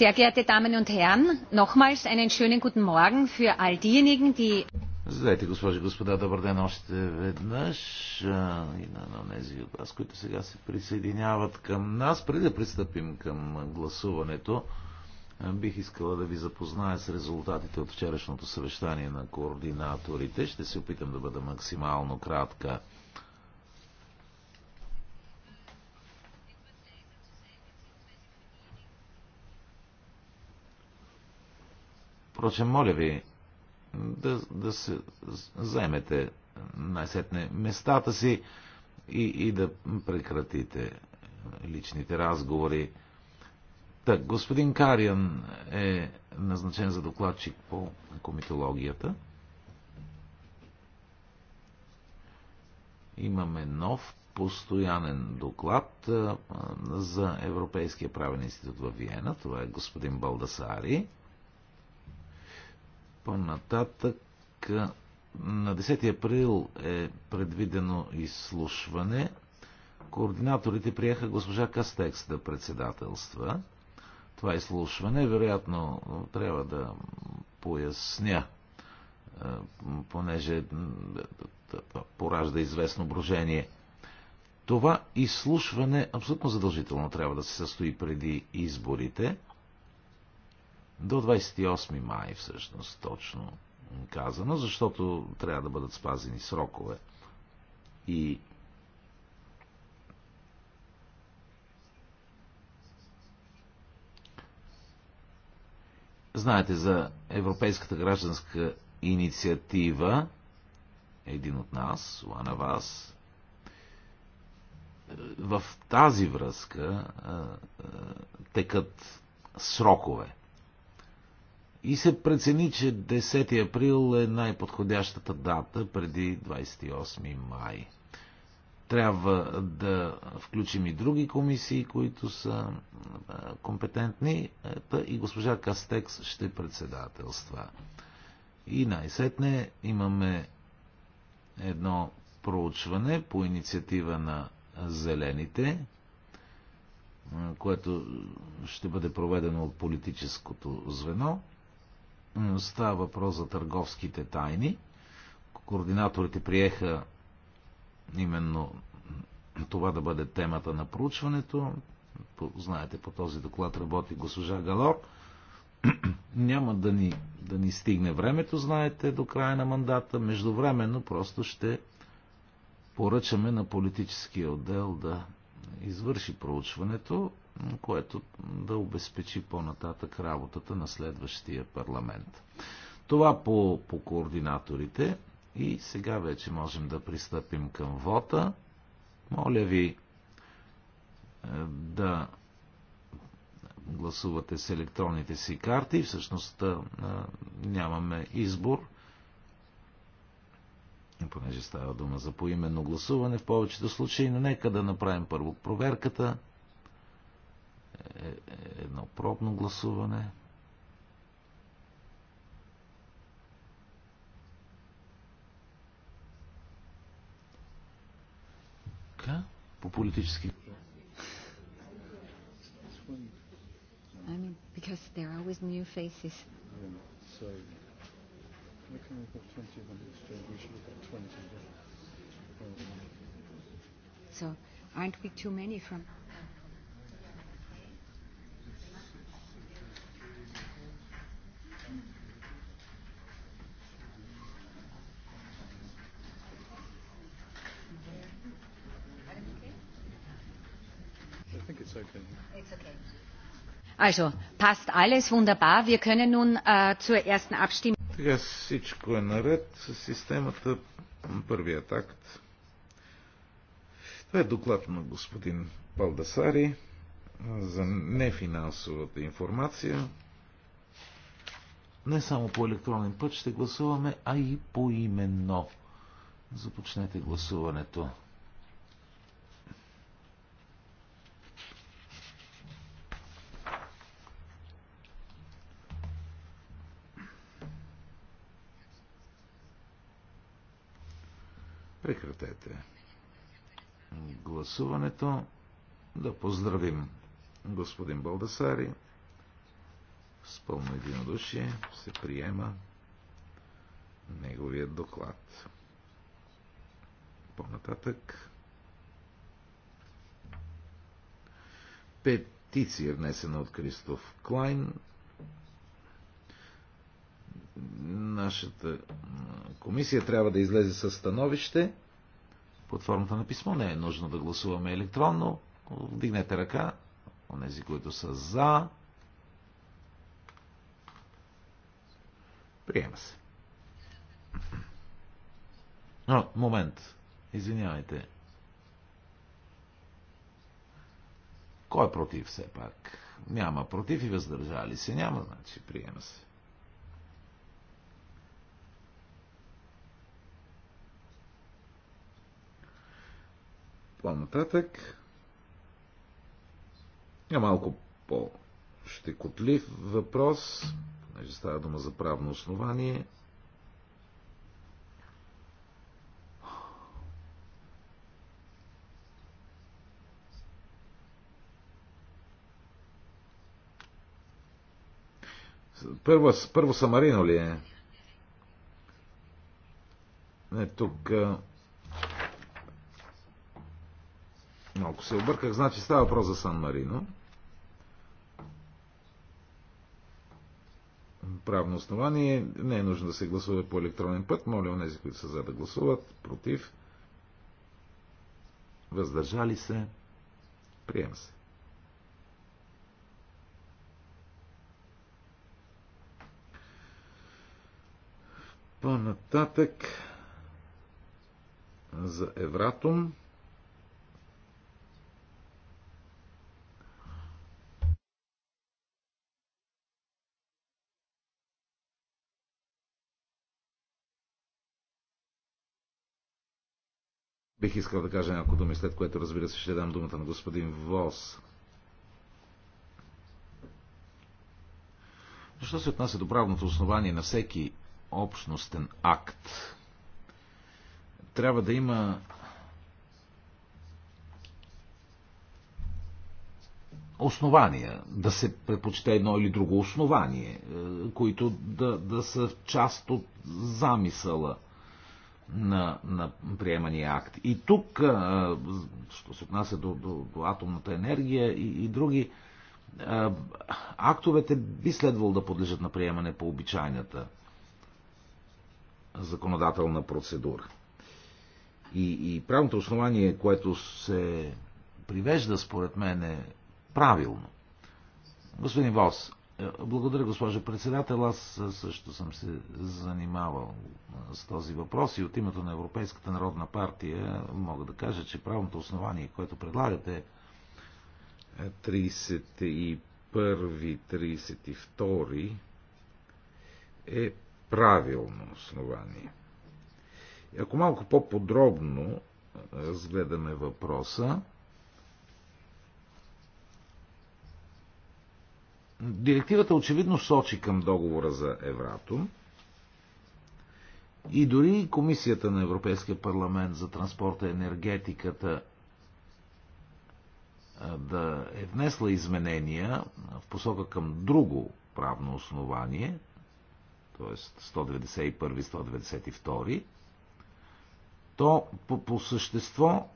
Sehr geehrte Damen und Herren, nochmals einen schönen guten Morgen für all diejenigen, die... Здравейте, госпожи и господа, добър ден още веднъж и на тези от вас, които сега се присъединяват към нас. Преди да пристъпим към гласуването, бих искала да ви запозная с резултатите от вчерашното съвещание на координаторите. Ще се опитам да бъда максимално кратка. Впрочем, моля ви да, да се заемете най-сетне местата си и, и да прекратите личните разговори. Так, господин Кариан е назначен за докладчик по комитологията. Имаме нов постоянен доклад за Европейския правен институт във Виена. Това е господин Балдасари. По-нататък на 10 април е предвидено изслушване. Координаторите приеха госпожа Кастекс да председателства това изслушване. Вероятно трябва да поясня, понеже поражда известно брожение. Това изслушване абсолютно задължително трябва да се състои преди изборите – до 28 май всъщност точно казано, защото трябва да бъдат спазени срокове. И Знаете за Европейската гражданска инициатива, един от нас, one вас, в тази връзка текат срокове. И се прецени, че 10 април е най-подходящата дата преди 28 май. Трябва да включим и други комисии, които са компетентни, и госпожа Кастекс ще председателства. И най-сетне имаме едно проучване по инициатива на зелените, което ще бъде проведено от политическото звено. Става въпрос за търговските тайни. Координаторите приеха именно това да бъде темата на проучването. Знаете, по този доклад работи госпожа Галор. Няма да ни, да ни стигне времето, знаете, до края на мандата. Междувременно просто ще поръчаме на политическия отдел да извърши проучването, което да обезпечи по-нататък работата на следващия парламент. Това по, по координаторите и сега вече можем да пристъпим към вота. Моля ви е, да гласувате с електронните си карти. Всъщност е, е, нямаме избор понеже става дума за поименно гласуване, в повечето случаи, но нека да направим първо проверката. Е, е, едно пробно гласуване. Така, по политически. I mean, because there are always new faces. Yeah, so... So, aren't we too many from? Also passt alles wunderbar. Wir können nun äh, zur ersten Abstimmung. Сега всичко е наред с системата. Първият акт. Това е доклад на господин Палдасари за нефинансовата информация. Не само по електронен път ще гласуваме, а и по именно. Започнете гласуването. Прекратете гласуването. Да поздравим господин Балдасари. С пълно единодушие се приема неговият доклад. По-нататък. Петиция, внесена от Кристоф Клайн, Нашата комисия трябва да излезе със становище под формата на писмо. Не е нужно да гласуваме електронно. Вдигнете ръка. Онези, които са за. Приема се. О, момент. Извинявайте. Кой е против все пак? Няма против и въздържали се. Няма, значи приема се. По-нататък. Е малко по-щекотлив въпрос, понеже става дума за правно основание. Първо, първо Самарино ли е? Не, тук Малко се обърках, значи става въпрос за Сан Марино. Правно основание. Не е нужно да се гласува по електронен път. Моля онези, които са за да гласуват. Против. Въздържали се. Приема се. По-нататък за Евратум. Бих искал да кажа няколко думи, след което разбира се ще дам думата на господин Вос. Защо се отнася до правното основание на всеки общностен акт? Трябва да има основания, да се предпочита едно или друго основание, е, които да, да са част от замисъла – на, на приемания акт. И тук, що се отнася до, до, до атомната енергия и, и други, актовете би следвало да подлежат на приемане по обичайната законодателна процедура. И, и правното основание, което се привежда, според мен, е правилно. Господин Вос, благодаря, госпожо председател. Аз също съм се занимавал с този въпрос и от името на Европейската народна партия мога да кажа, че правното основание, което предлагате е 31-32 е правилно основание. И ако малко по-подробно разгледаме въпроса, Директивата очевидно сочи към договора за Евратом и дори Комисията на Европейския парламент за транспорта и енергетиката да е внесла изменения в посока към друго правно основание, т.е. 191-192, то по, по същество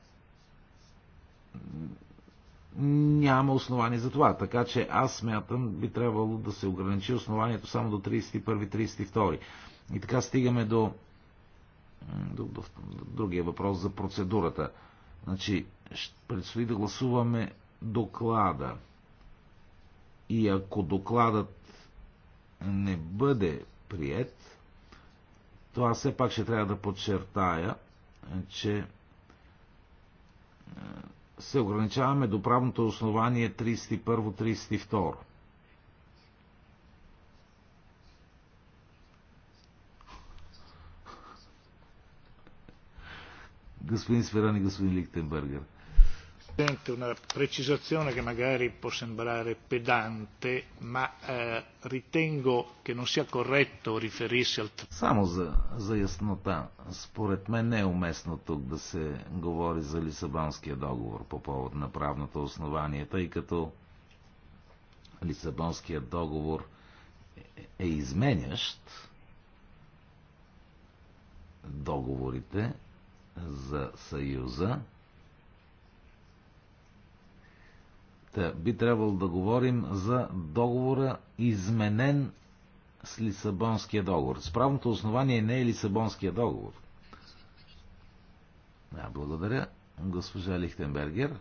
няма основание за това. Така че аз смятам, би трябвало да се ограничи основанието само до 31-32. И така стигаме до, до, до, до другия въпрос за процедурата. Значи, предстои да гласуваме доклада. И ако докладът не бъде прият, то аз все пак ще трябва да подчертая, че е, се ограничаваме до правното основание 31-32. Господин Сверан и господин Лихтенбергер. Presidente, una precisazione che magari può sembrare pedante, ma eh, ritengo che non sia corretto riferirsi al... Само за, за яснота, според мен не е уместно тук да се говори за Лисабонския договор по повод на правното основание, тъй като Лисабонския договор е изменящ договорите за Съюза, Та би трябвало да говорим за договора изменен с Лисабонския договор. Справното основание не е Лисабонския договор. Да, благодаря, госпожа Лихтенбергер.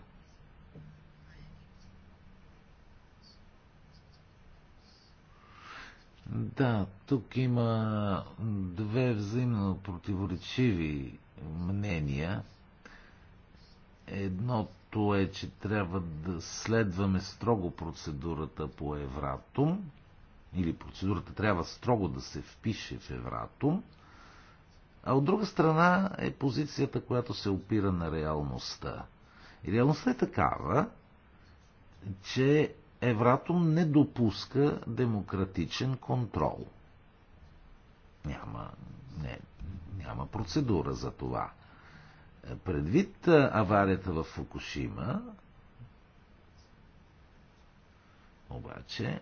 Да, тук има две взаимно противоречиви мнения. Едното Първото е, че трябва да следваме строго процедурата по Евратум, или процедурата трябва строго да се впише в Евратум, а от друга страна е позицията, която се опира на реалността. И реалността е такава, че Евратум не допуска демократичен контрол. Няма, не, няма процедура за това. Предвид аварията в Фукушима, обаче,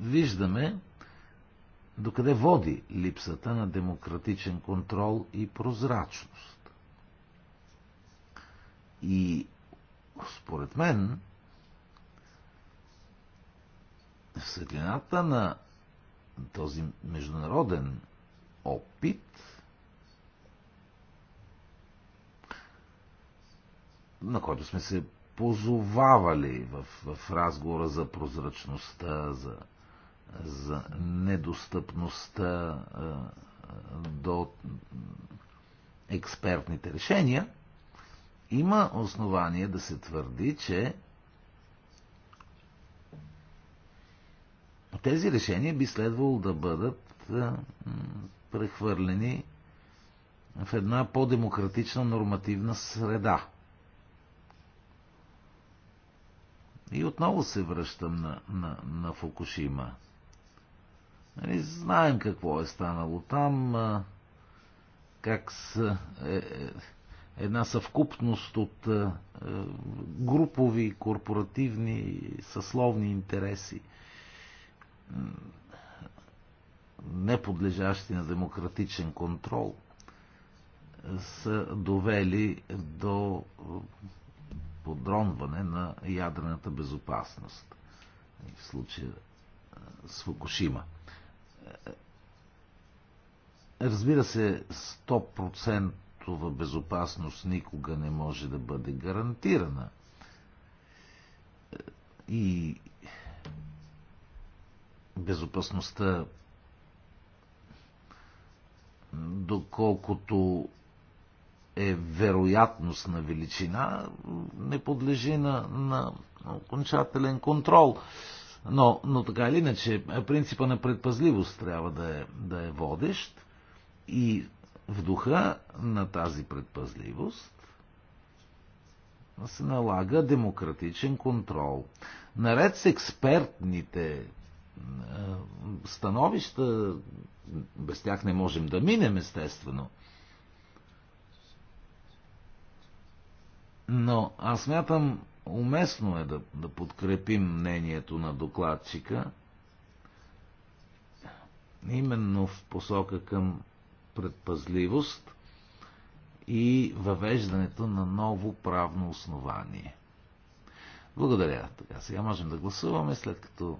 виждаме докъде води липсата на демократичен контрол и прозрачност. И според мен в светлината на този международен опит на който сме се позовавали в, в разговора за прозрачността, за, за недостъпността а, до експертните решения, има основание да се твърди, че тези решения би следвало да бъдат прехвърлени в една по-демократична нормативна среда. И отново се връщам на, на, на Фукушима. Нали, знаем какво е станало там, как с е, е, една съвкупност от е, групови, корпоративни, съсловни интереси – неподлежащи на демократичен контрол, са довели до подронване на ядрената безопасност. В случая е, с Фукушима. Разбира се, 100% безопасност никога не може да бъде гарантирана. Е, и безопасността, доколкото е вероятност на величина, не подлежи на, на окончателен контрол. Но, но така или иначе, принципа на предпазливост трябва да е, да е водещ и в духа на тази предпазливост се налага демократичен контрол. Наред с експертните е, становища. Без тях не можем да минем, естествено. Но аз мятам, уместно е да, да подкрепим мнението на докладчика именно в посока към предпазливост и въвеждането на ново правно основание. Благодаря. Така, сега можем да гласуваме, след като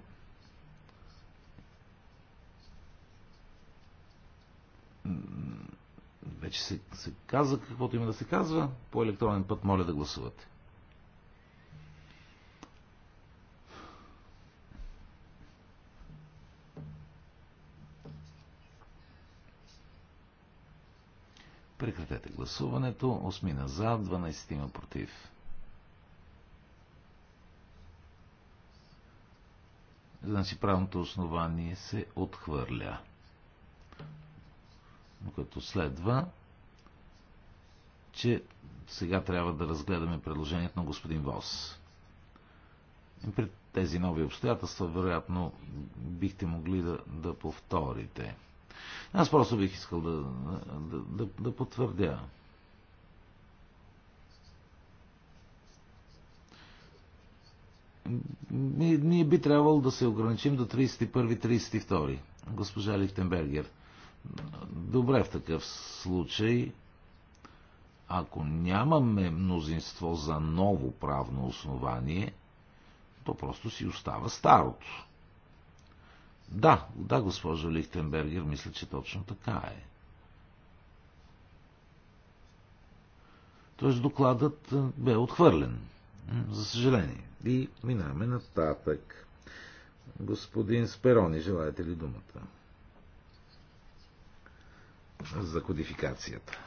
Вече се, се каза каквото има да се казва. По електронен път моля да гласувате. Прекратете гласуването. 8 назад, за, 12 има против. Значи правното основание се отхвърля като следва, че сега трябва да разгледаме предложението на господин Вос. При тези нови обстоятелства, вероятно, бихте могли да, да повторите. Аз просто бих искал да, да, да, да потвърдя. Ние би трябвало да се ограничим до 31-32. Госпожа Лихтенбергер – Добре в такъв случай, ако нямаме мнозинство за ново правно основание, то просто си остава старото. Да, да, госпожо Лихтенбергер, мисля, че точно така е. Тоест докладът е, бе отхвърлен. За съжаление. И минаваме нататък. Господин Сперони, желаете ли думата? за кодификацията.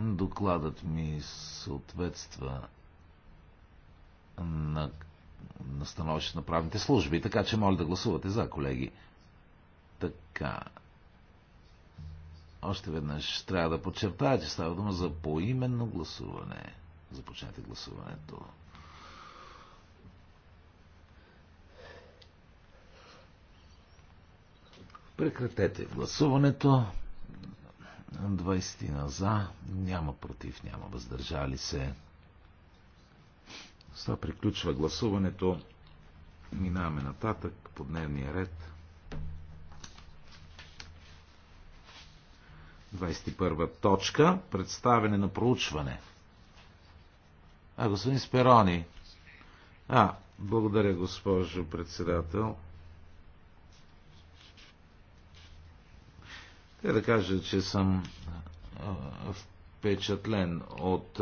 Докладът ми съответства на, на становище на правните служби, така че моля да гласувате за, колеги. Така. Още веднъж трябва да подчертая, че става дума за поименно гласуване. Започнете гласуването. Прекратете гласуването. 20 на за, няма против, няма въздържали се. С това приключва гласуването. Минаваме нататък по дневния ред. 21 точка. Представяне на проучване. А, господин Сперони. А, благодаря, госпожо председател. Те да кажа, че съм впечатлен от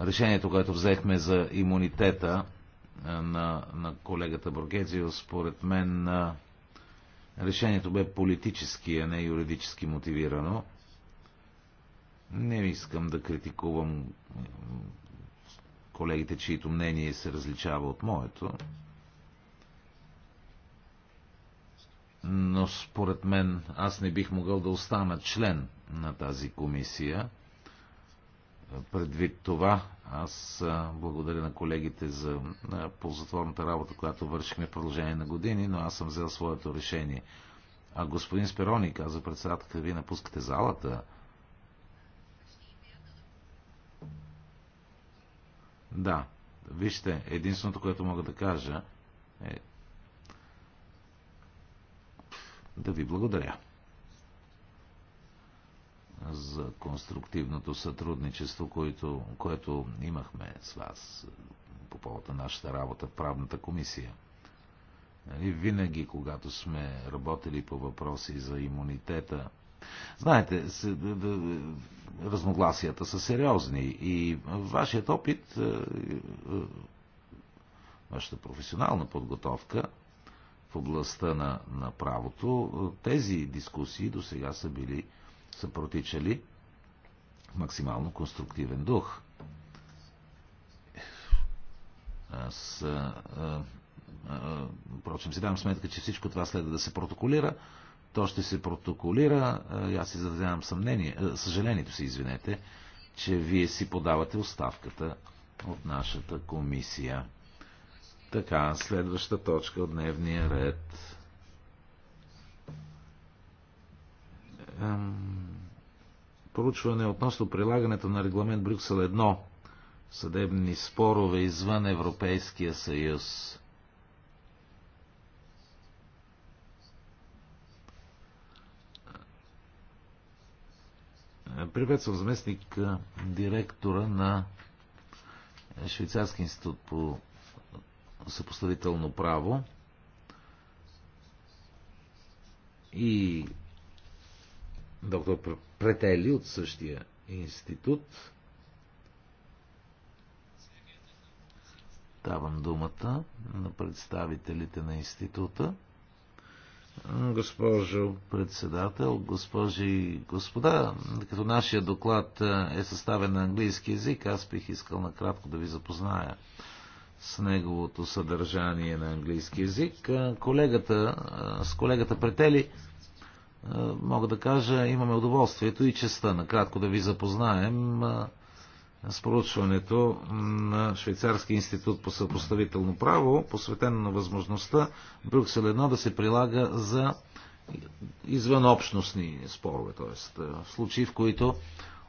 решението, което взехме за имунитета на, на колегата Бургезио. Според мен решението бе политически, а не юридически мотивирано. Не искам да критикувам колегите, чието мнение се различава от моето. Но според мен аз не бих могъл да остана член на тази комисия. Предвид това, аз благодаря на колегите за ползотворната работа, която вършихме в продължение на години, но аз съм взел своето решение. А господин Сперони каза председателка, вие напускате залата. Да, вижте, единственото, което мога да кажа е да ви благодаря за конструктивното сътрудничество, което, което имахме с вас по повод на нашата работа в правната комисия. Нали, винаги, когато сме работили по въпроси за имунитета, Знаете, е, е, е, разногласията са сериозни и вашият опит, вашата професионална подготовка в областта на, на правото, тези дискусии до сега са били, са протичали в максимално конструктивен дух. Аз, а, а, впрочем, си давам сметка, че всичко това следва да се протоколира, то ще се протоколира. Е, аз си задавам съмнение, е, съжалението си, извинете, че вие си подавате оставката от нашата комисия. Така, следваща точка от дневния ред. Поручване относно прилагането на регламент Брюксел 1 съдебни спорове извън Европейския съюз. Приветствам заместник директора на Швейцарски институт по съпоставително право и доктор Претели от същия институт. Давам думата на представителите на института госпожо председател, госпожи и господа. Като нашия доклад е, е съставен на английски язик, аз бих искал накратко да ви запозная с неговото съдържание на английски язик. Е, колегата, е, с колегата Претели мога да кажа, имаме удоволствието и честа накратко да ви запознаем с проучването на Швейцарски институт по съпоставително право, посветено на възможността Брюксел 1 да се прилага за извънобщностни спорове, т.е. в случаи, в които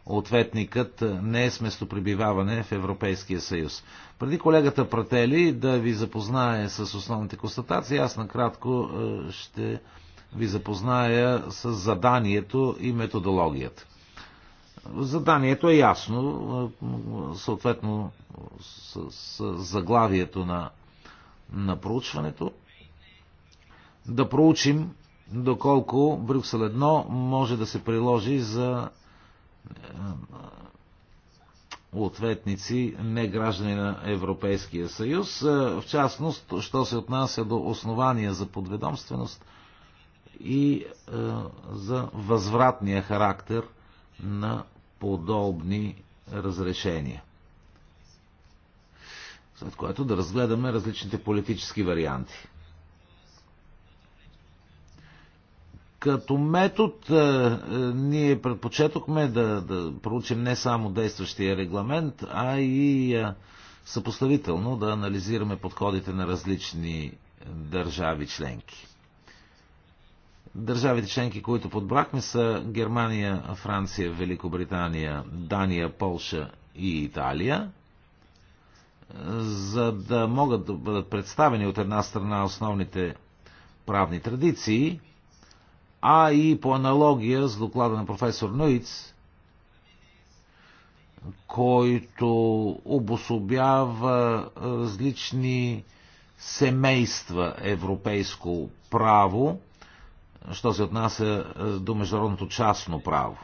ответникът не е с местопребиваване в Европейския съюз. Преди колегата Пратели да ви запознае с основните констатации, аз накратко е, ще ви запозная с заданието и методологията. Заданието е ясно, съответно с, с заглавието на, на проучването. Да проучим доколко Брюксел 1 може да се приложи за ответници, не граждани на Европейския съюз. В частност, що се отнася до основания за подведомственост и за възвратния характер на подобни разрешения. След което да разгледаме различните политически варианти. Като метод е, е, ние предпочетохме да, да проучим не само действащия регламент, а и е, съпоставително да анализираме подходите на различни държави членки. Държавите членки, които подбрахме са Германия, Франция, Великобритания, Дания, Полша и Италия за да могат да бъдат представени от една страна основните правни традиции, а и по аналогия с доклада на професор Нуиц, който обособява различни семейства европейско право, що се отнася е, до международното частно право.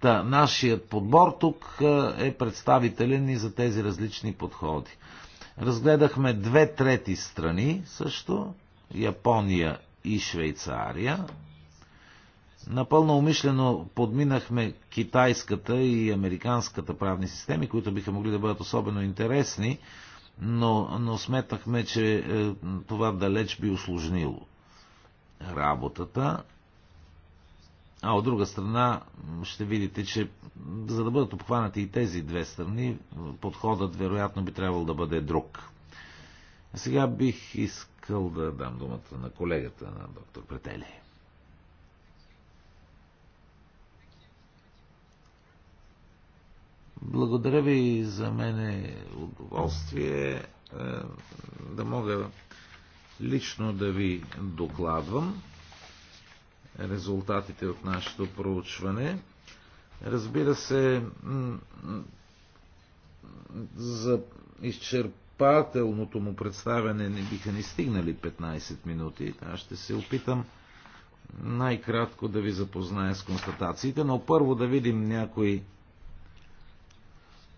Та, нашият подбор тук е, е представителен и за тези различни подходи. Разгледахме две трети страни също Япония и Швейцария. Напълно умишлено подминахме китайската и американската правни системи, които биха могли да бъдат особено интересни но, но сметнахме, че е, това далеч би осложнило работата. А от друга страна ще видите, че за да бъдат обхванати и тези две страни, подходът вероятно би трябвало да бъде друг. А сега бих искал да дам думата на колегата на доктор Претели. Благодаря ви за мен е удоволствие е, да мога лично да ви докладвам резултатите от нашето проучване. Разбира се, за изчерпателното му представяне не биха ни стигнали 15 минути. Аз ще се опитам най-кратко да ви запозная с констатациите, но първо да видим някои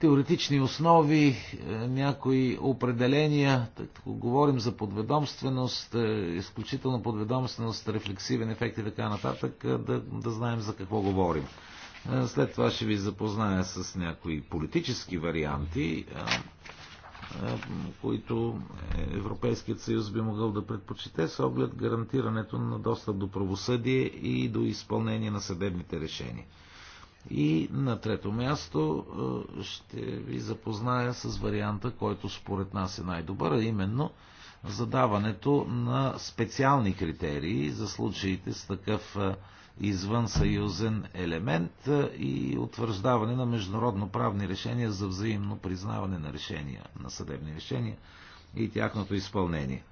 теоретични основи, е, някои определения, така говорим за подведомственост, е, изключително подведомственост, рефлексивен ефект и така нататък, е, да, да знаем за какво говорим. След това ще ви запозная с някои политически варианти, които Европейският съюз би могъл да предпочете с оглед гарантирането на достъп до правосъдие и до изпълнение на съдебните решения. И на трето място е, ще ви запозная с варианта, който според нас е най-добър, а именно задаването на специални критерии за случаите с такъв е, извънсъюзен елемент е, и утвърждаване на международно правни решения за взаимно признаване на решения, на съдебни решения и тяхното изпълнение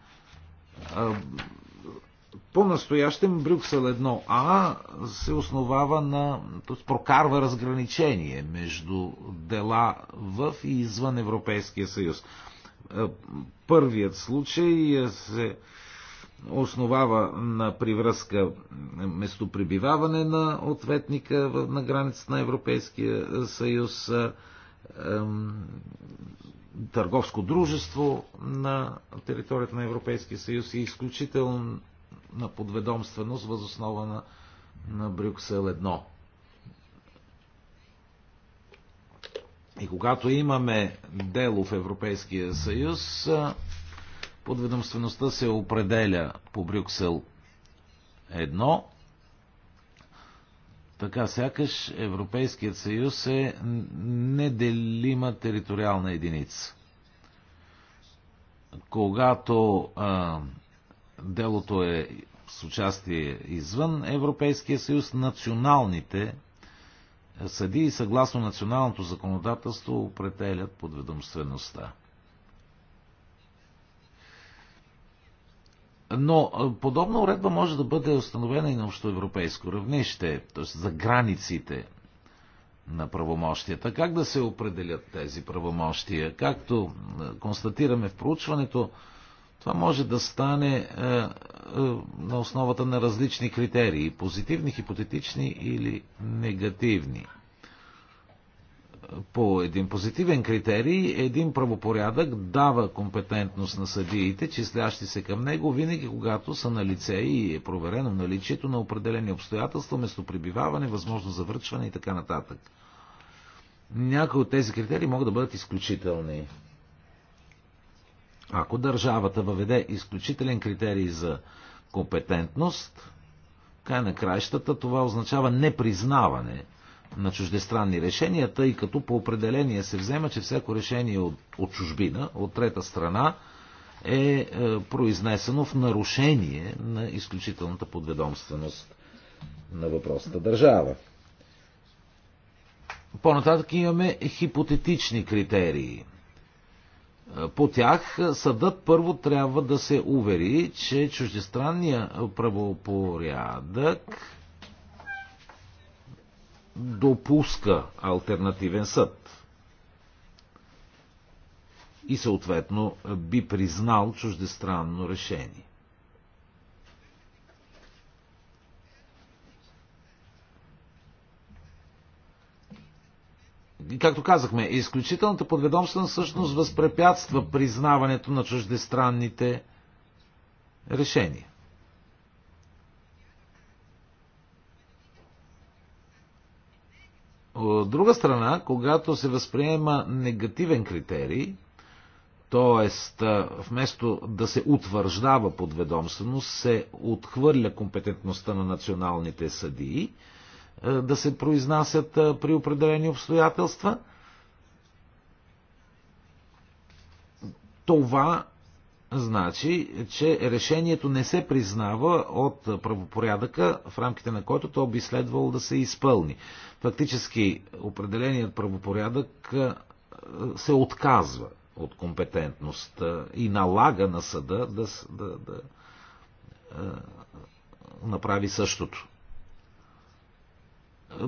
по-настоящем Брюксел 1А се основава на, прокарва разграничение между дела в и извън Европейския съюз. Е, първият случай е, се основава на привръзка е, местопребиваване на ответника на границата на Европейския съюз, търговско дружество на територията на Европейския съюз и изключително на подведомственост възоснова на, на Брюксел 1. И когато имаме дело в Европейския съюз, подведомствеността се определя по Брюксел 1. Така сякаш Европейският съюз е неделима териториална единица. Когато а, Делото е с участие извън Европейския съюз. Националните съдии съгласно националното законодателство определят подведомствеността. Но подобна уредба може да бъде установена и на общоевропейско равнище, т.е. за границите на правомощията. Как да се определят тези правомощия? Както констатираме в проучването, това може да стане е, е, на основата на различни критерии позитивни, хипотетични или негативни. По един позитивен критерий, един правопорядък дава компетентност на съдиите, числящи се към него, винаги когато са на лице и е проверено наличието на определени обстоятелства, местопребиваване, възможност за и така нататък. Някои от тези критерии могат да бъдат изключителни. Ако държавата въведе изключителен критерий за компетентност, край на краищата това означава непризнаване на чуждестранни решения, тъй като по определение се взема, че всяко решение от, от чужбина, от трета страна, е, е произнесено в нарушение на изключителната подведомственост на въпросната държава. По-нататък имаме хипотетични критерии по тях съдът първо трябва да се увери, че чуждестранния правопорядък допуска альтернативен съд. И съответно би признал чуждестранно решение. както казахме, изключителната подведомствена същност възпрепятства признаването на чуждестранните решения. От друга страна, когато се възприема негативен критерий, т.е. вместо да се утвърждава подведомственост, се отхвърля компетентността на националните съдии – е, да се произнасят е, при определени обстоятелства. Това значи, че решението не се признава от правопорядъка, в рамките на който то би следвало да се изпълни. Фактически определеният правопорядък е, се отказва от компетентност и налага на съда да, да, да, да направи същото. В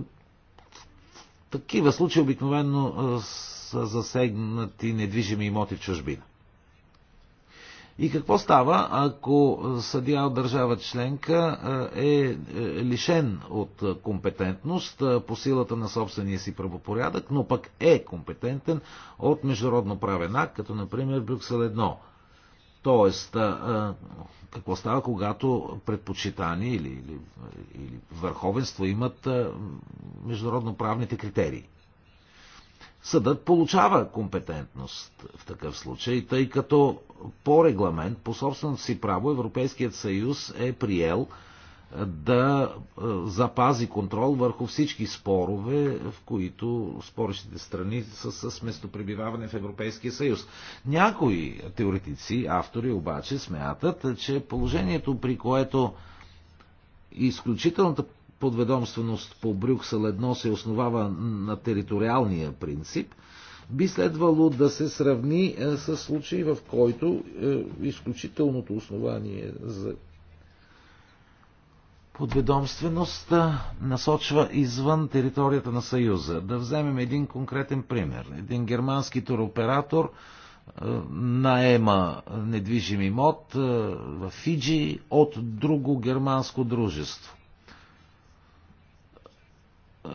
такива случаи обикновено са засегнати недвижими имоти в чужбина. И какво става, ако съдия от държава членка е, е лишен от компетентност по силата на собствения си правопорядък, но пък е компетентен от международно правен акт, като например Брюксел 1? Тоест, какво става, когато предпочитание или, или, или върховенство имат международноправните критерии? Съдът получава компетентност в такъв случай, тъй като по регламент, по собственото си право, Европейският съюз е приел да е, запази контрол върху всички спорове, в които спорещите страни са с местопребиваване в Европейския съюз. Някои теоретици, автори обаче смятат, че положението при което изключителната подведомственост по Брюксел едно се основава на териториалния принцип, би следвало да се сравни е, с случай, в който е, изключителното основание за Подведомствеността насочва извън територията на Съюза. Да вземем един конкретен пример. Един германски туроператор е, наема недвижим имот е, в Фиджи от друго германско дружество. Е,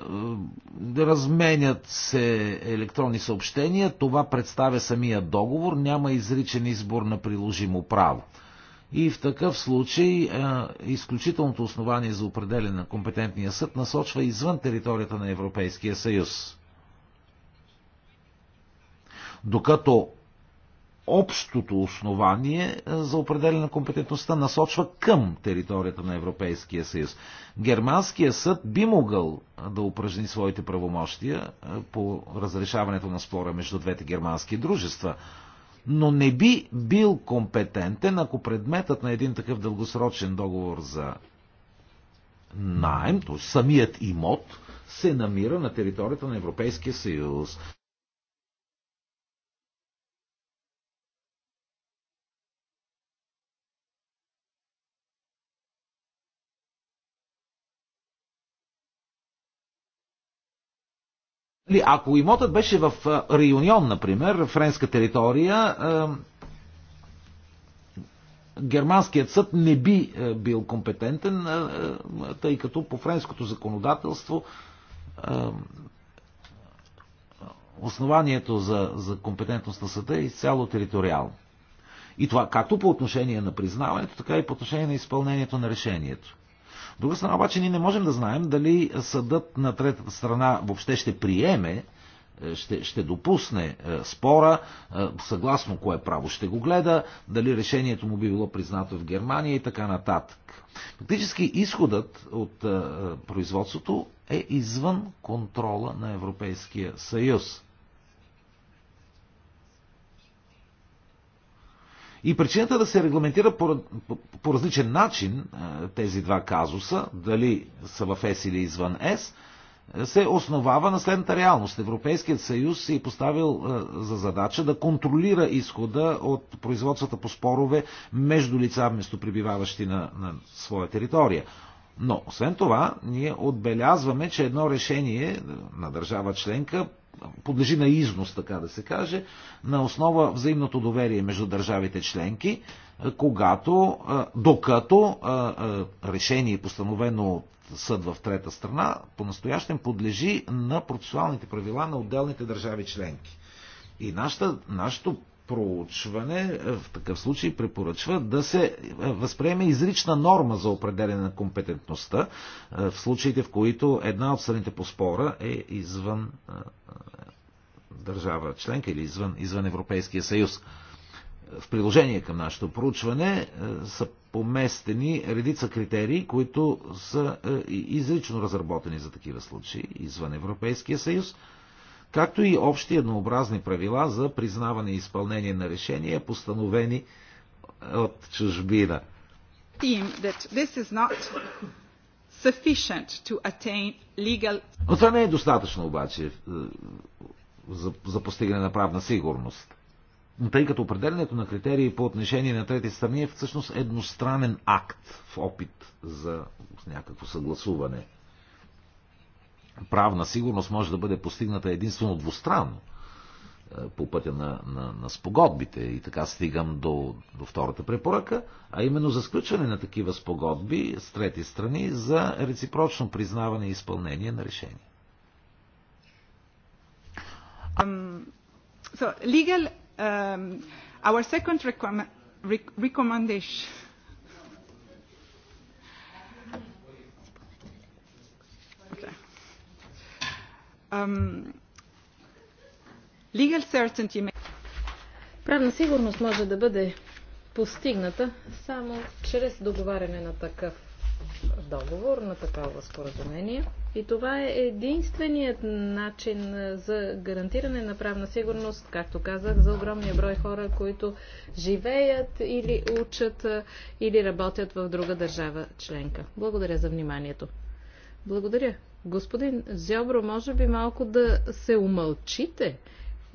разменят се електронни съобщения, това представя самия договор, няма изричен избор на приложимо право. И в такъв случай е, изключителното основание за определене на компетентния съд насочва извън територията на Европейския съюз. Докато общото основание е, за определена компетентността насочва към територията на Европейския съюз. Германския съд би могъл е, да упражни своите правомощия по разрешаването на спора между двете германски дружества – но не би бил компетентен, ако предметът на един такъв дългосрочен договор за найем, т.е. самият имот, се намира на територията на Европейския съюз. Ако имотът беше в Реюнион, например, френска територия, германският съд не би бил компетентен, тъй като по френското законодателство основанието за, за компетентност на съда е изцяло териториално. И това както по отношение на признаването, така и по отношение на изпълнението на решението. От друга страна обаче ние не можем да знаем дали съдът на третата страна въобще ще приеме е, ще, ще допусне е, спора, е, съгласно кое право ще го гледа, дали решението му би било признато в Германия и така нататък. Фактически изходът от производството е извън контрола на Европейския съюз. И причината да се регламентира по, по, по различен начин е, тези два казуса, дали са в ЕС или извън ЕС, е, се основава на следната реалност. Европейският съюз се е поставил е, за задача да контролира изхода от производствата по спорове между лица, вместо прибиваващи на, на своя територия. Но, освен това, ние отбелязваме, че едно решение на държава членка подлежи на износ, така да се каже, на основа взаимното доверие между държавите членки, е, когато, е, докато е, решение постановено от съд в трета страна, по-настоящем подлежи на процесуалните правила на отделните държави членки. И нашата, нашето проучване е, в такъв случай препоръчва да се е, възприеме изрична норма за определене на компетентността е, в случаите, в които една от страните по спора е извън държава членка или извън, извън Европейския съюз. В приложение към нашето проучване са поместени редица критерии, които са изрично разработени за такива случаи извън Европейския съюз както и общи еднообразни правила за признаване и изпълнение на решения, постановени от чужбина. Но това не е достатъчно обаче е, за, за постигане на правна сигурност. Тъй като определенето на критерии по отношение на трети страни е всъщност едностранен акт в опит за някакво съгласуване правна сигурност може да бъде постигната единствено двустранно е, по пътя на, на, на спогодбите. И така стигам до, до втората препоръка, а именно за сключване на такива спогодби с трети страни за реципрочно признаване и изпълнение на решения. Um, so, legal, um, our second recommendation Правна сигурност може да бъде постигната само чрез договаряне на такъв договор, на такова споразумение. И това е единственият начин за гарантиране на правна сигурност, както казах, за огромния брой хора, които живеят или учат или работят в друга държава членка. Благодаря за вниманието. Благодаря. Господин Зьобро, може би малко да се умълчите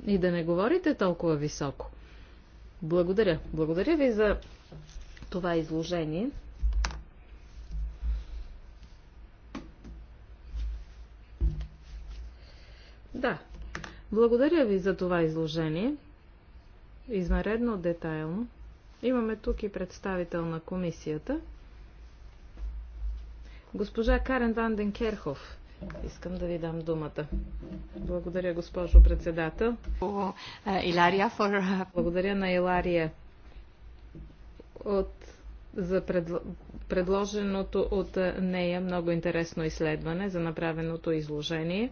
и да не говорите толкова високо. Благодаря. Благодаря ви за това изложение. Да. Благодаря ви за това изложение. Изнаредно детайлно. Имаме тук и представител на комисията – Госпожа Карен Ванден Керхов, искам да ви дам думата. Благодаря, госпожо председател. Благодаря на Илария от, за пред, предложеното от нея много интересно изследване за направеното изложение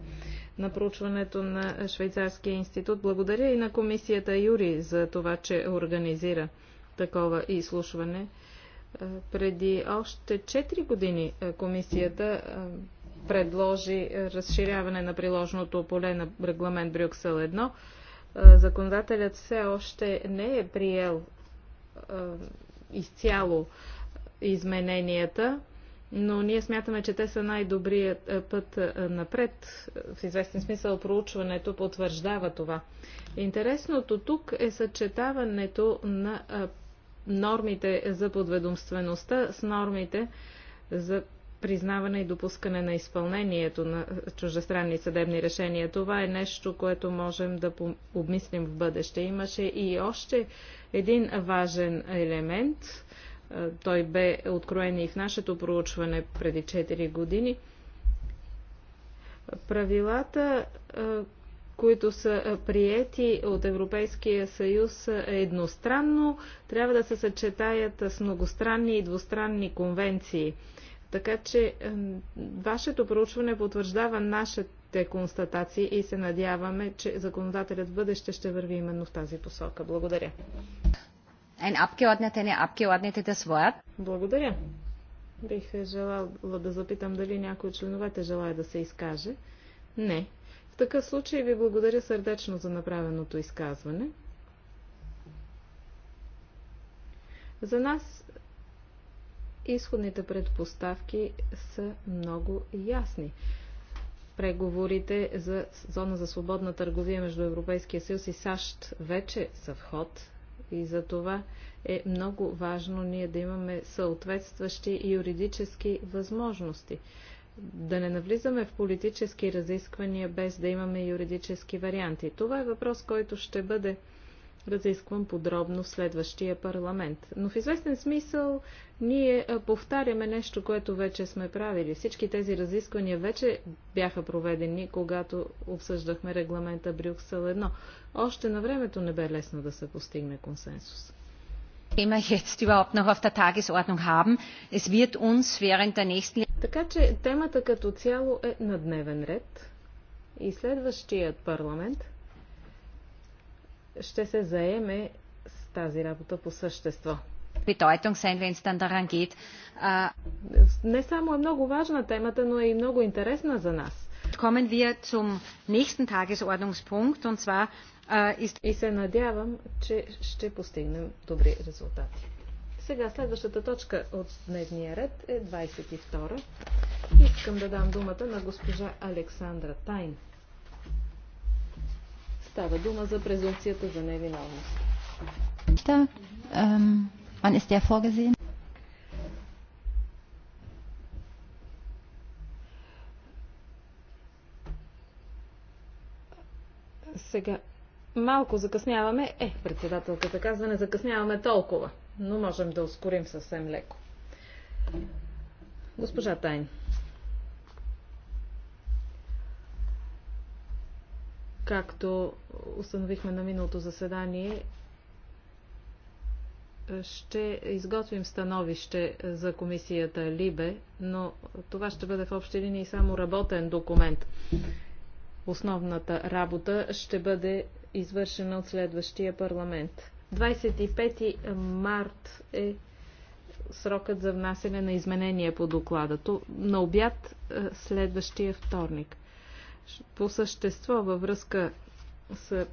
на проучването на Швейцарския институт. Благодаря и на комисията Юри за това, че организира такова изслушване. Е, преди още 4 години е, комисията е, предложи разширяване на приложното поле на регламент Брюксел 1. Законодателят все още не е приел изцяло измененията, но ние смятаме, че те са най-добрият път напред. В известен смисъл проучването потвърждава това. Интересното тук е съчетаването на нормите за подведомствеността с нормите за признаване и допускане на изпълнението на чуждестранни съдебни решения. Това е нещо, което можем да обмислим в бъдеще. Имаше и още един важен елемент. Е, той бе откроен и в нашето проучване преди 4 години. Правилата, е, които са приети от Европейския съюз едностранно, трябва да се съчетаят с многостранни и двустранни конвенции. Така че вашето проучване потвърждава нашите констатации и се надяваме, че законодателят в бъдеще ще върви именно в тази посока. Благодаря. Благодаря. Бих е желала да запитам дали някой от членовете желая да се изкаже. Не. В такъв случай ви благодаря сърдечно за направеното изказване. За нас изходните предпоставки са много ясни. Преговорите за зона за свободна търговия между Европейския съюз и САЩ вече са в ход и за това е много важно ние да имаме съответстващи юридически възможности да не навлизаме в политически разисквания без да имаме юридически варианти. Това е въпрос, който ще бъде разискван подробно в следващия парламент. Но в известен смисъл ние повтаряме нещо, което вече сме правили. Всички тези разисквания вече бяха проведени, когато обсъждахме регламента Брюксел 1. Още на времето не бе лесно да се постигне консенсус. Thema jetzt überhaupt noch auf der Tagesordnung haben. Es wird uns während der nächsten... Така че темата като цяло е на дневен ред и следващият парламент ще се заеме с тази работа по същество. Bedeutung sein, wenn es dann daran geht. Uh... Не само е много важна темата, но е и много интересна за нас. Kommen wir zum nächsten Tagesordnungspunkt, und zwar а, и, и се надявам, че ще постигнем добри резултати. Сега следващата точка от дневния ред е 22. Искам да дам думата на госпожа Александра Тайн. Става дума за презумпцията за невиновност. Да, ähm, wann ist der Сега Малко закъсняваме. Е, председателката казва, не закъсняваме толкова, но можем да ускорим съвсем леко. Госпожа Тайн. Както установихме на миналото заседание, ще изготвим становище за комисията Либе, но това ще бъде в общи линии само работен документ. Основната работа ще бъде извършена от следващия парламент. 25 март е срокът за внасене на изменения по доклада. На обяд е, следващия вторник. По същество във връзка с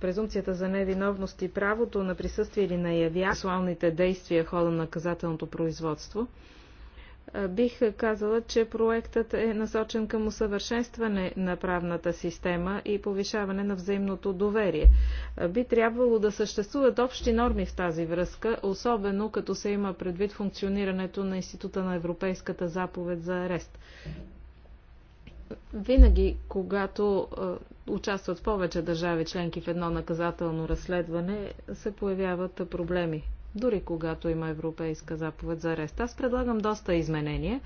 презумцията за невиновност и правото на присъствие или на явя действия в хода на наказателното производство – е, бих казала, че проектът е насочен към усъвършенстване на правната система и повишаване на взаимното доверие. Е, би трябвало да съществуват общи норми в тази връзка, особено като се има предвид функционирането на Института на Европейската заповед за арест винаги, когато е, участват повече държави членки в едно наказателно разследване, се появяват проблеми дори когато има европейска заповед за арест. Аз предлагам доста изменения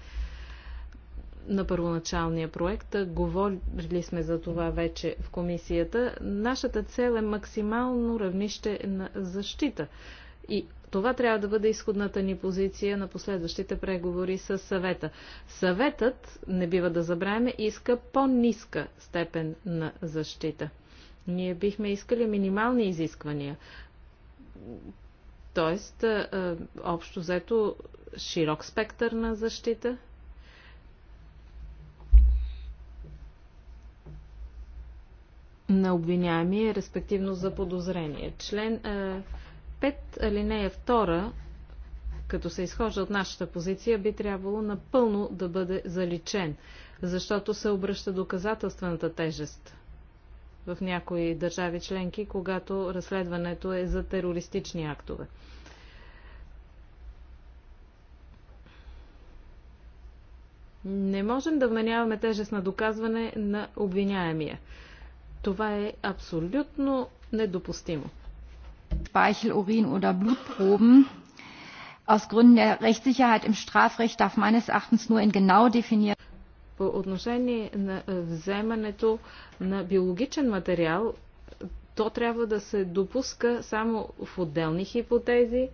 на първоначалния проект. Говорили сме за това вече в комисията. Нашата цел е максимално равнище на защита. И това трябва да бъде изходната ни позиция на последващите преговори с съвета. Съветът, не бива да забравяме, иска по-ниска степен на защита. Ние бихме искали минимални изисквания. Тоест, общо взето, широк спектър на защита. на обвиняемия, респективно за подозрение. Член 5, алинея 2, като се изхожда от нашата позиция, би трябвало напълно да бъде заличен, защото се обръща доказателствената тежест в някои държави членки, когато разследването е за терористични актове. Не можем да вменяваме тежест на доказване на обвиняемия. Това е абсолютно недопустимо. Speichel, Urin oder Blutproben. Aus Gründen der Rechtssicherheit im Strafrecht darf meines Erachtens nur in genau definierten по отношение на е, вземането на биологичен материал, то трябва да се допуска само в отделни хипотези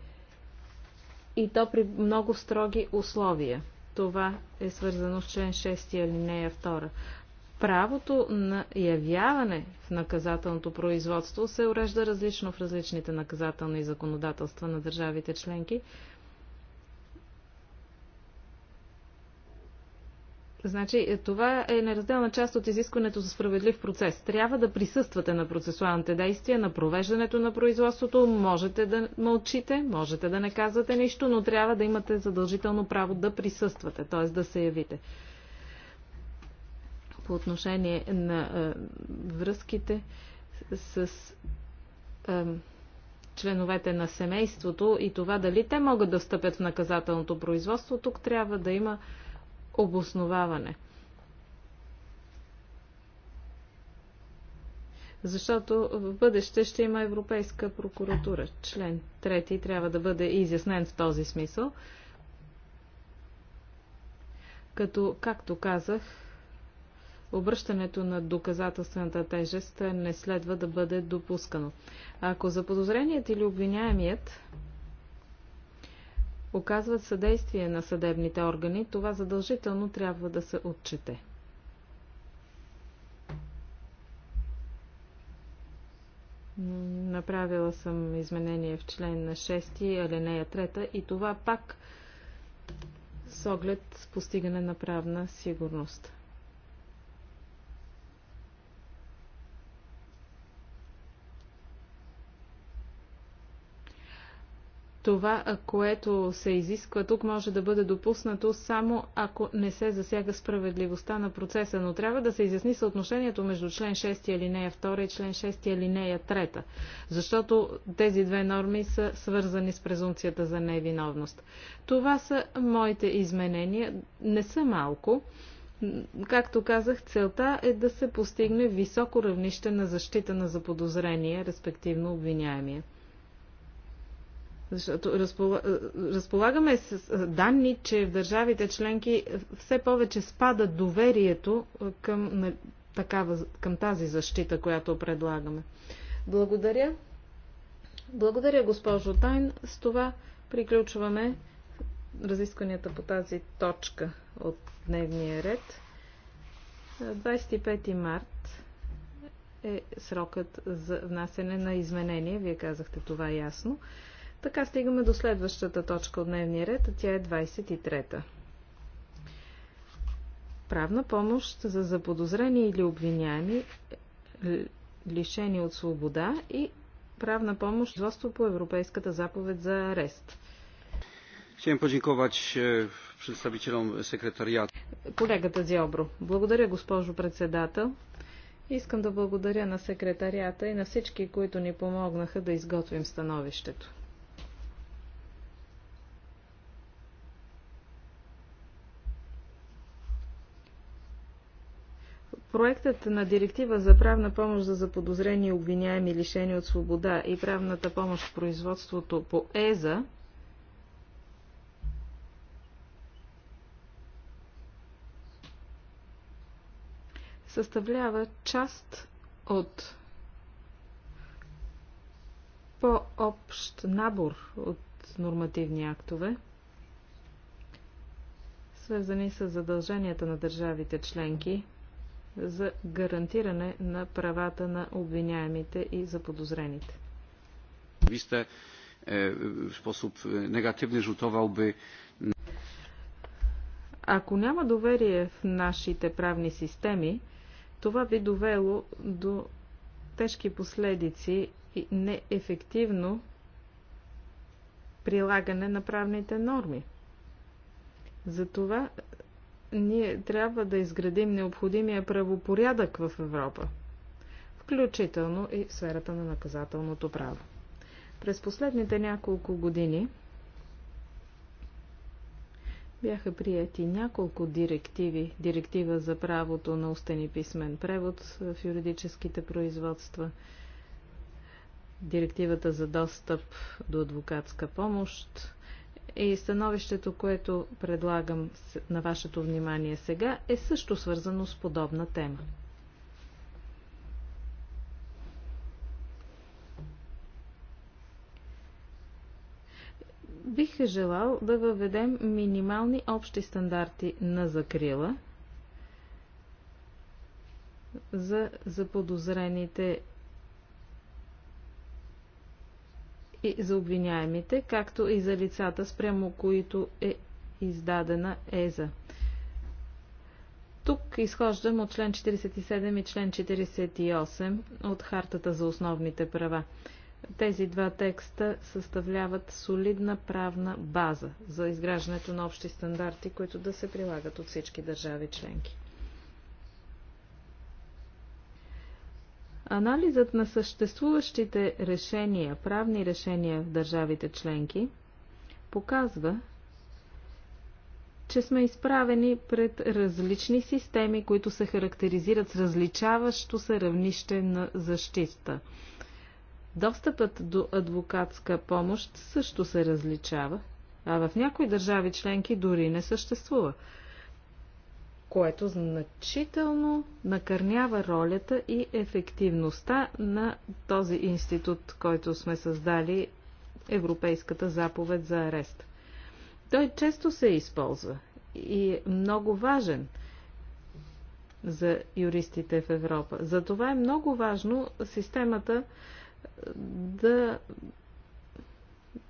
и то при много строги условия. Това е свързано с член 6 алинея 2. Правото на явяване в наказателното производство се урежда различно в различните наказателни законодателства на държавите членки, Значи, е, това е неразделна част от изискването за справедлив процес. Трябва да присъствате на процесуалните действия, на провеждането на производството. Можете да мълчите, можете да не казвате нищо, но трябва да имате задължително право да присъствате, т.е. да се явите. По отношение на е, връзките с. Е, членовете на семейството и това дали те могат да стъпят в наказателното производство, тук трябва да има обосноваване. Защото в бъдеще ще има Европейска прокуратура. Член 3 трябва да бъде изяснен в този смисъл. Като, както казах, обръщането на доказателствената тежест не следва да бъде допускано. Ако заподозреният или обвиняемият оказват съдействие на съдебните органи, това задължително трябва да се отчете. Направила съм изменение в член на 6, алинея 3 и това пак с оглед с постигане на правна сигурност. Това, което се изисква тук, може да бъде допуснато само ако не се засяга справедливостта на процеса, но трябва да се изясни съотношението между член 6 алинея 2 и член 6 алинея 3, защото тези две норми са свързани с презумцията за невиновност. Това са моите изменения, не са малко. Както казах, целта е да се постигне високо равнище на защита на заподозрение, респективно обвиняемия. Защото е, разполагаме с е, данни, че в държавите членки е, все повече спада доверието към, такава, към тази защита, която предлагаме. Благодаря. Благодаря, госпожо Тайн. С това приключваме разискванията по тази точка от дневния ред. 25 март е срокът за внасене на изменения. Вие казахте това ясно. Така стигаме до следващата точка от дневния ред, а тя е 23-та. Правна помощ за заподозрени или обвиняеми, лишени от свобода и правна помощ производство по Европейската заповед за арест. Chciałem podziękować e, przedstawicielom sekretariatu. Колегата Дзиобро. Благодаря, госпожо председател. Искам да благодаря на секретарията и на всички, които ни помогнаха да изготвим становището. Проектът на директива за правна помощ за заподозрени обвиняеми лишени от свобода и правната помощ в производството по ЕЗА съставлява част от по-общ набор от нормативни актове, свързани с задълженията на държавите членки за гарантиране на правата на обвиняемите и заподозрените. Вие е, в способ е, негативно ако няма доверие в нашите правни системи, това би довело до тежки последици и неефективно прилагане на правните норми. Затова ние трябва да изградим необходимия правопорядък в Европа, включително и в сферата на наказателното право. През последните няколко години бяха прияти няколко директиви. Директива за правото на устен и писмен превод в юридическите производства, директивата за достъп до адвокатска помощ, и становището, което предлагам на вашето внимание сега, е също свързано с подобна тема. Бих е желал да въведем минимални общи стандарти на закрила за заподозрените и за обвиняемите, както и за лицата, спрямо които е издадена ЕЗА. Тук изхождам от член 47 и член 48 от Хартата за основните права. Тези два текста съставляват солидна правна база за изграждането на общи стандарти, които да се прилагат от всички държави членки. Анализът на съществуващите решения, правни решения в държавите членки, показва, че сме изправени пред различни системи, които се характеризират с различаващо се равнище на защита. Достъпът до адвокатска помощ също се различава, а в някои държави членки дори не съществува което значително накърнява ролята и ефективността на този институт, който сме създали Европейската заповед за арест. Той често се използва и е много важен за юристите в Европа. Затова е много важно системата да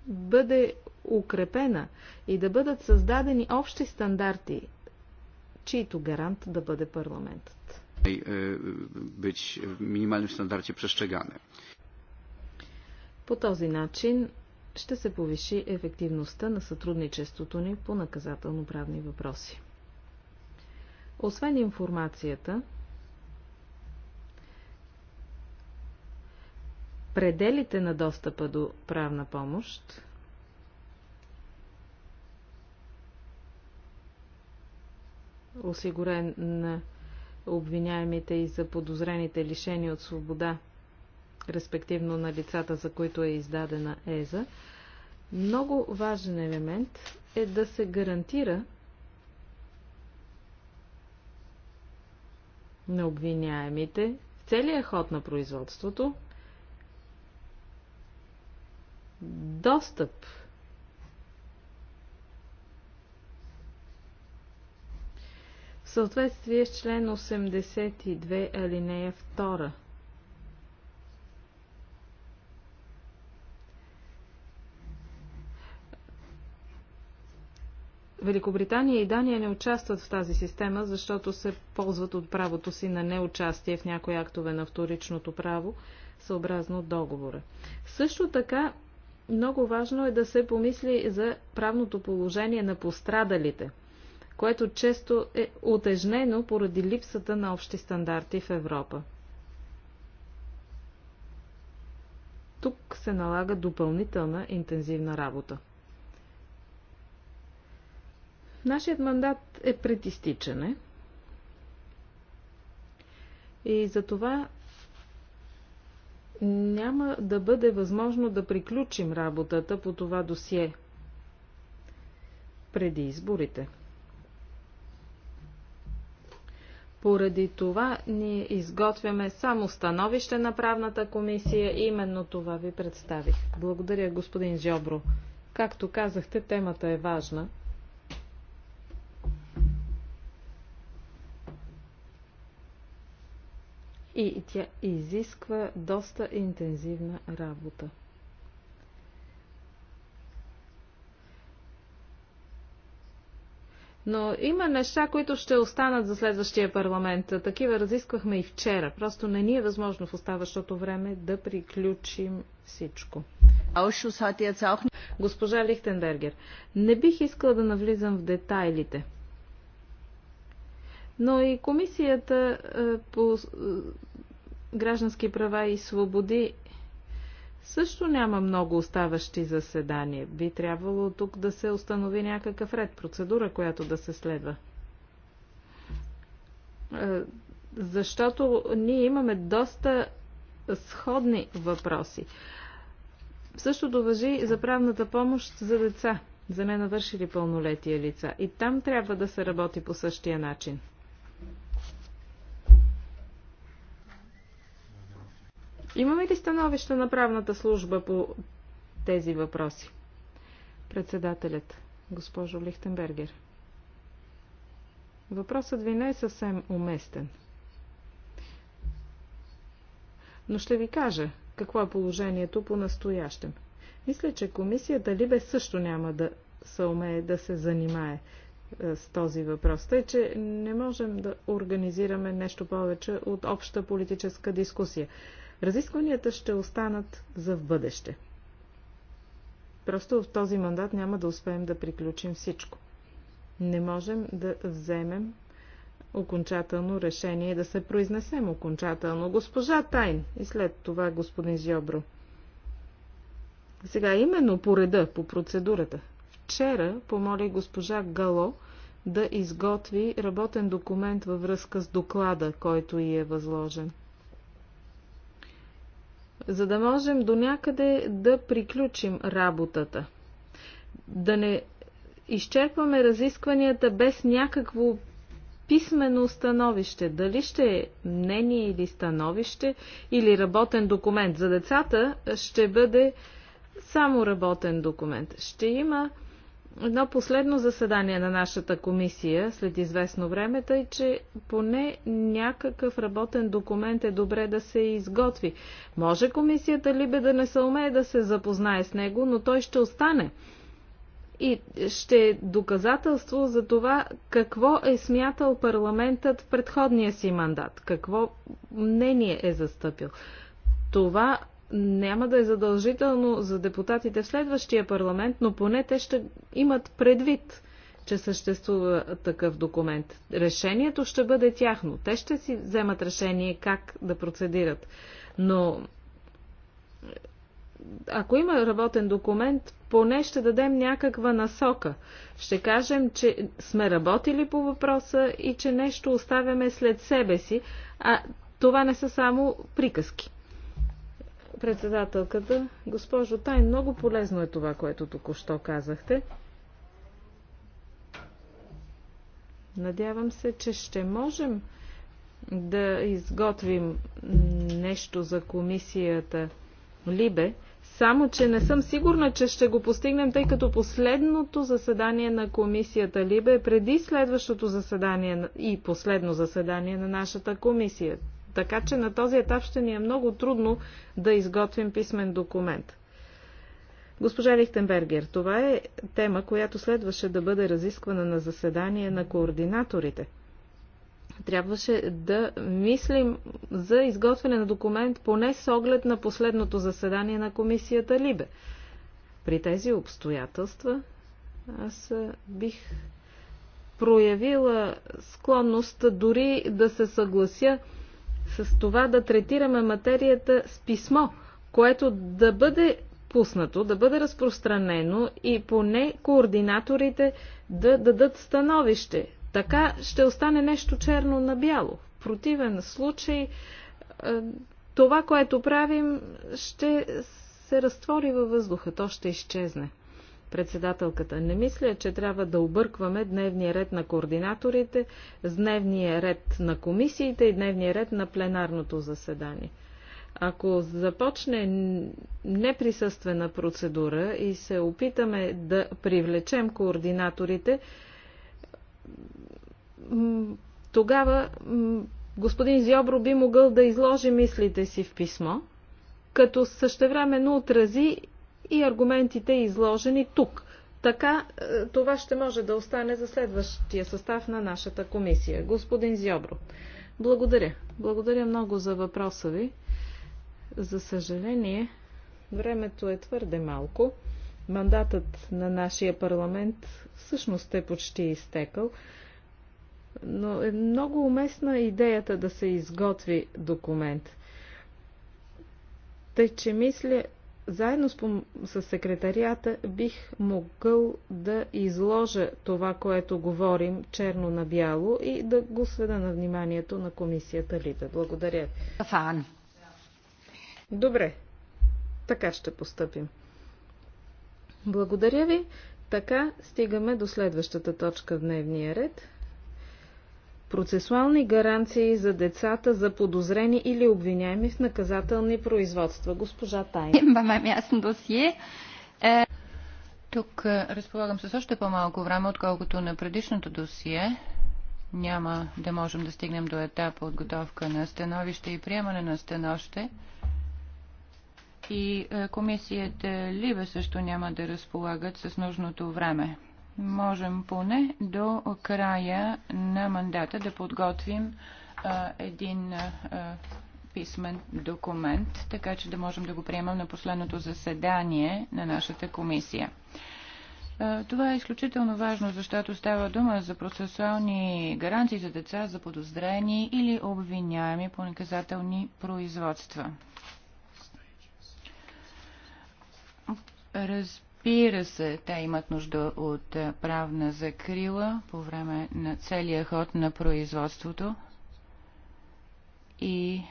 бъде укрепена и да бъдат създадени общи стандарти чийто гарант да бъде парламентът. Być w minimalnym standardzie прещегане. По този начин ще се повиши ефективността на сътрудничеството ни по наказателно-правни въпроси. Освен информацията, пределите на достъпа до правна помощ осигурен на обвиняемите и за подозрените лишени от свобода, респективно на лицата, за които е издадена ЕЗА, много важен елемент е да се гарантира на обвиняемите в целия ход на производството достъп съответствие с член 82 алинея 2. Великобритания и Дания не участват в тази система, защото се ползват от правото си на неучастие в някои актове на вторичното право, съобразно договора. Също така, много важно е да се помисли за правното положение на пострадалите – което често е отежнено поради липсата на общи стандарти в Европа. Тук се налага допълнителна интензивна работа. Нашият мандат е изтичане и за това няма да бъде възможно да приключим работата по това досие преди изборите. Поради това ние изготвяме само становище на правната комисия. и Именно това ви представих. Благодаря, господин Жобро. Както казахте, темата е важна. И тя изисква доста интензивна работа. Но има неща, които ще останат за следващия парламент. Такива разисквахме и вчера. Просто не ни е възможно в оставащото време да приключим всичко. Е Госпожа Лихтенбергер, не бих искала да навлизам в детайлите. Но и комисията е, по е, граждански права и свободи също няма много оставащи заседания. Би трябвало тук да се установи някакъв ред, процедура, която да се следва. Е, защото ние имаме доста сходни въпроси. Същото въжи за правната помощ за деца, за ненавършили пълнолетия лица. И там трябва да се работи по същия начин. Имаме ли становище на правната служба по тези въпроси? Председателят, госпожо Лихтенбергер. Въпросът ви не е съвсем уместен. Но ще ви кажа какво е положението по настоящем. Мисля, че комисията Либе също няма да се умее да се занимае е, с този въпрос. Тъй, че не можем да организираме нещо повече от обща политическа дискусия. Разискванията ще останат за в бъдеще. Просто в този мандат няма да успеем да приключим всичко. Не можем да вземем окончателно решение да се произнесем окончателно. Госпожа Тайн и след това господин Зьобро. Сега именно по реда, по процедурата. Вчера помоли госпожа Гало да изготви работен документ във връзка с доклада, който й е възложен за да можем до някъде да приключим работата. Да не изчерпваме разискванията без някакво писмено становище, дали ще е мнение или становище, или работен документ. За децата ще бъде само работен документ. Ще има едно последно заседание на нашата комисия след известно време, тъй че поне някакъв работен документ е добре да се изготви. Може комисията Либе да не се умее да се запознае с него, но той ще остане. И ще е доказателство за това какво е смятал парламентът в предходния си мандат, какво мнение е застъпил. Това няма да е задължително за депутатите в следващия парламент, но поне те ще имат предвид, че съществува такъв документ. Решението ще бъде тяхно. Те ще си вземат решение как да процедират. Но ако има работен документ, поне ще дадем някаква насока. Ще кажем, че сме работили по въпроса и че нещо оставяме след себе си, а това не са само приказки. Председателката, госпожо Тай, много полезно е това, което току-що казахте. Надявам се, че ще можем да изготвим нещо за комисията Либе, само че не съм сигурна, че ще го постигнем, тъй като последното заседание на комисията Либе е преди следващото заседание и последно заседание на нашата комисия. Така че на този етап ще ни е много трудно да изготвим писмен документ. Госпожа Лихтенбергер, това е тема, която следваше да бъде разисквана на заседание на координаторите. Трябваше да мислим за изготвяне на документ поне с оглед на последното заседание на комисията Либе. При тези обстоятелства аз бих проявила склонност дори да се съглася с това да третираме материята с писмо, което да бъде пуснато, да бъде разпространено и поне координаторите да дадат становище. Така ще остане нещо черно на бяло. В противен случай е, това, което правим, ще се разтвори във въздуха, то ще изчезне. Председателката, не мисля, че трябва да объркваме дневния ред на координаторите с дневния ред на комисиите и дневния ред на пленарното заседание. Ако започне неприсъствена процедура и се опитаме да привлечем координаторите, тогава господин Зиобро би могъл да изложи мислите си в писмо, като същевременно отрази и аргументите изложени тук. Така е, това ще може да остане за следващия състав на нашата комисия. Господин Зьобро, благодаря. Благодаря много за въпроса ви. За съжаление, времето е твърде малко. Мандатът на нашия парламент всъщност е почти изтекал, но е много уместна идеята да се изготви документ. Тъй, че мисля, заедно с, с секретарията бих могъл да изложа това, което говорим черно на бяло и да го сведа на вниманието на комисията Лида. Благодаря. Фан. Добре. Така ще поступим. Благодаря ви. Така стигаме до следващата точка в дневния ред процесуални гаранции за децата за подозрени или обвиняеми в наказателни производства. Госпожа Тайна. Е, Тук е, разполагам с още по-малко време, отколкото на предишното досие. Няма да можем да стигнем до етапа подготовка на становище и приемане на становище. И е, комисията Либе също няма да разполагат с нужното време можем поне до края на мандата да подготвим а, един а, писмен документ, така че да можем да го приемам на последното заседание на нашата комисия. Това е изключително важно, защото става дума за процесуални гаранции за деца, за подозрени или обвиняеми по наказателни производства. Разбира Разбира се, те имат нужда от правна закрила по време на целия ход на производството и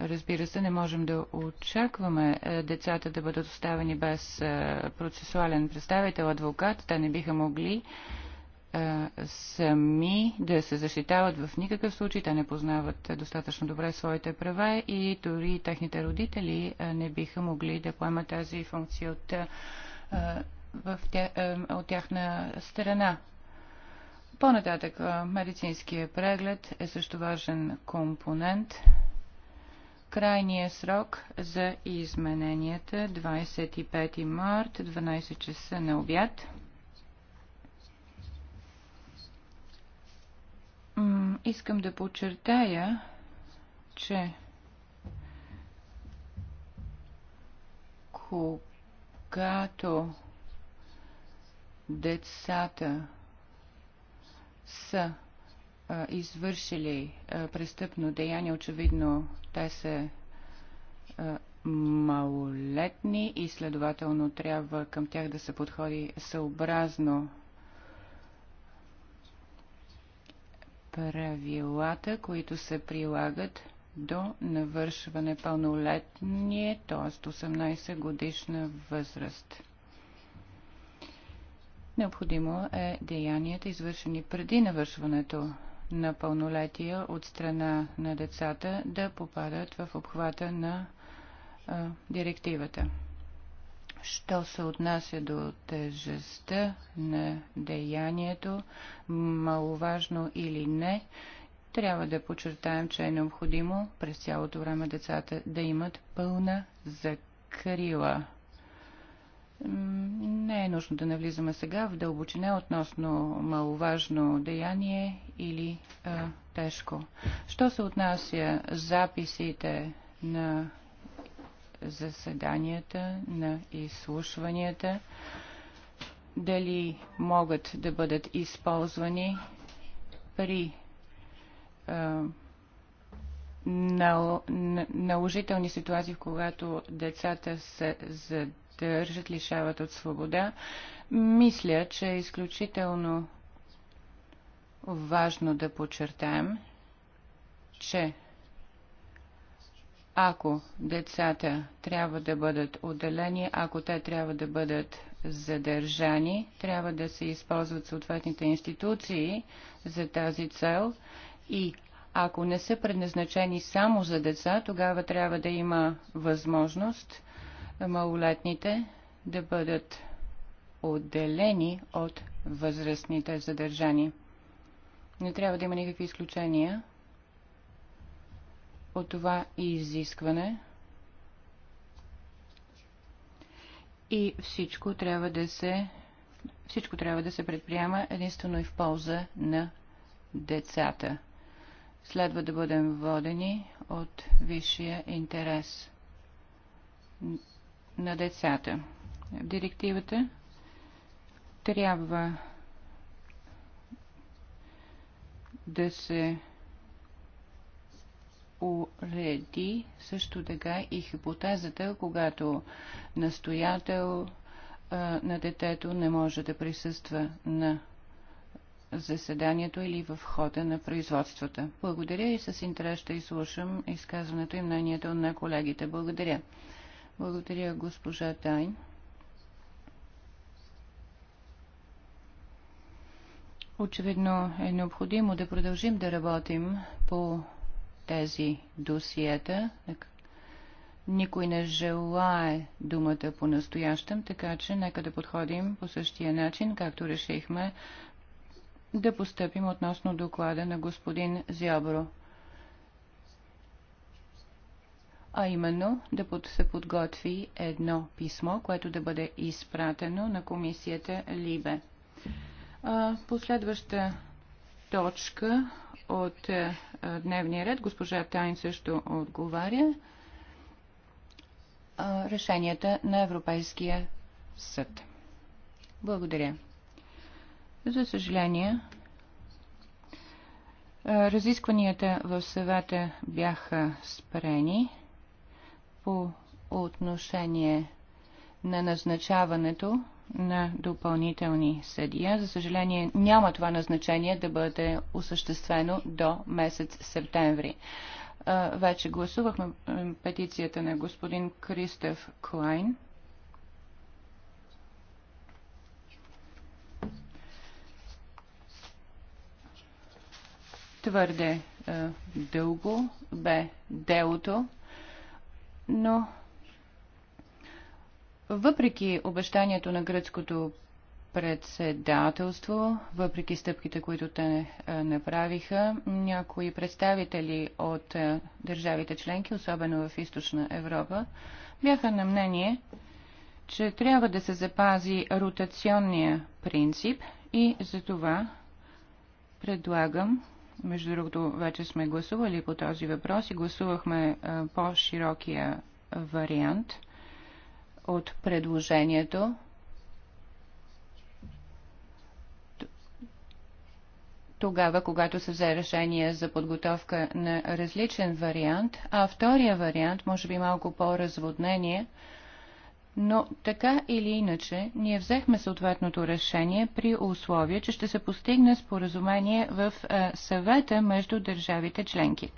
Разбира се, не можем да очакваме децата да бъдат оставени без процесуален представител, адвокат. Те не биха могли сами да се защитават в никакъв случай. Те не познават достатъчно добре своите права и дори техните родители не биха могли да поемат тази функция от в тя, от тяхна страна. По-нататък медицинския преглед е също важен компонент. Крайният срок за измененията 25 март 12 часа на обяд. Искам да подчертая, че когато когато децата са а, извършили а, престъпно деяние, очевидно те са а, малолетни и следователно трябва към тях да се подходи съобразно правилата, които се прилагат до навършване пълнолетние, т.е. 18 годишна възраст. Необходимо е деянията, извършени преди навършването на пълнолетие от страна на децата, да попадат в обхвата на а, директивата. Що се отнася до тежестта на деянието, маловажно или не, трябва да подчертаем, че е необходимо през цялото време децата да имат пълна закрила. Не е нужно да навлизаме сега в дълбочина относно маловажно деяние или а, тежко. Що се отнася записите на заседанията, на изслушванията, дали могат да бъдат използвани при наложителни ситуации, в когато децата се задържат, лишават от свобода, мисля, че е изключително важно да подчертаем, че ако децата трябва да бъдат отделени, ако те трябва да бъдат задържани, трябва да се използват съответните институции за тази цел и ако не са предназначени само за деца, тогава трябва да има възможност малолетните да бъдат отделени от възрастните задържани. Не трябва да има никакви изключения от това изискване. И всичко трябва да се, всичко трябва да се предприема единствено и в полза на децата следва да бъдем водени от висшия интерес на децата. В директивата трябва да се уреди също така и хипотезата, когато настоятел а, на детето не може да присъства на заседанието или в хода на производствата. Благодаря и с интерес ще изслушам изказването и мнението на колегите. Благодаря. Благодаря, госпожа Тайн. Очевидно е необходимо да продължим да работим по тези досиета. Никой не желае думата по настоящем, така че нека да подходим по същия начин, както решихме да постъпим относно доклада на господин Зябро. А именно да се подготви едно писмо, което да бъде изпратено на комисията Либе. Последваща точка от е, дневния ред, госпожа Тайн също отговаря, решенията на Европейския съд. Благодаря. За съжаление, разискванията в съвета бяха спрени по отношение на назначаването на допълнителни съдия. За съжаление, няма това назначение да бъде осъществено до месец септември. Вече гласувахме петицията на господин Кристоф Клайн – Твърде е, дълго бе делото, но въпреки обещанието на гръцкото председателство, въпреки стъпките, които те е, направиха, някои представители от е, държавите членки, особено в източна Европа, бяха на мнение, че трябва да се запази ротационния принцип и за това предлагам между другото, вече сме гласували по този въпрос и гласувахме е, по-широкия вариант от предложението. Тогава, когато се взе решение за подготовка на различен вариант, а втория вариант, може би малко по-разводнение, но така или иначе, ние взехме съответното решение при условие, че ще се постигне споразумение в е, съвета между държавите членки,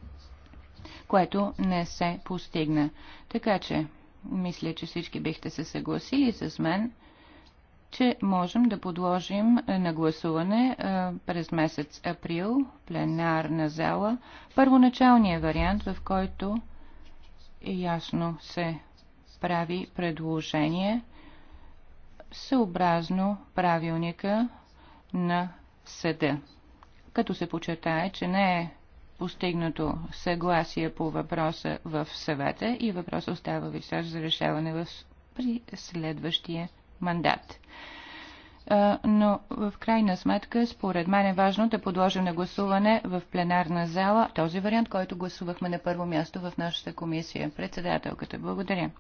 което не се постигна. Така че, мисля, че всички бихте се съгласили с мен, че можем да подложим е, на гласуване е, през месец април пленарна зала първоначалния вариант, в който ясно се прави предложение съобразно правилника на съда, като се почетае, че не е постигнато съгласие по въпроса в съвета и въпроса остава висящ за решаване в, при следващия мандат. Но в крайна сметка, според мен е важно да подложим на гласуване в пленарна зала този вариант, който гласувахме на първо място в нашата комисия. Председателката, благодаря.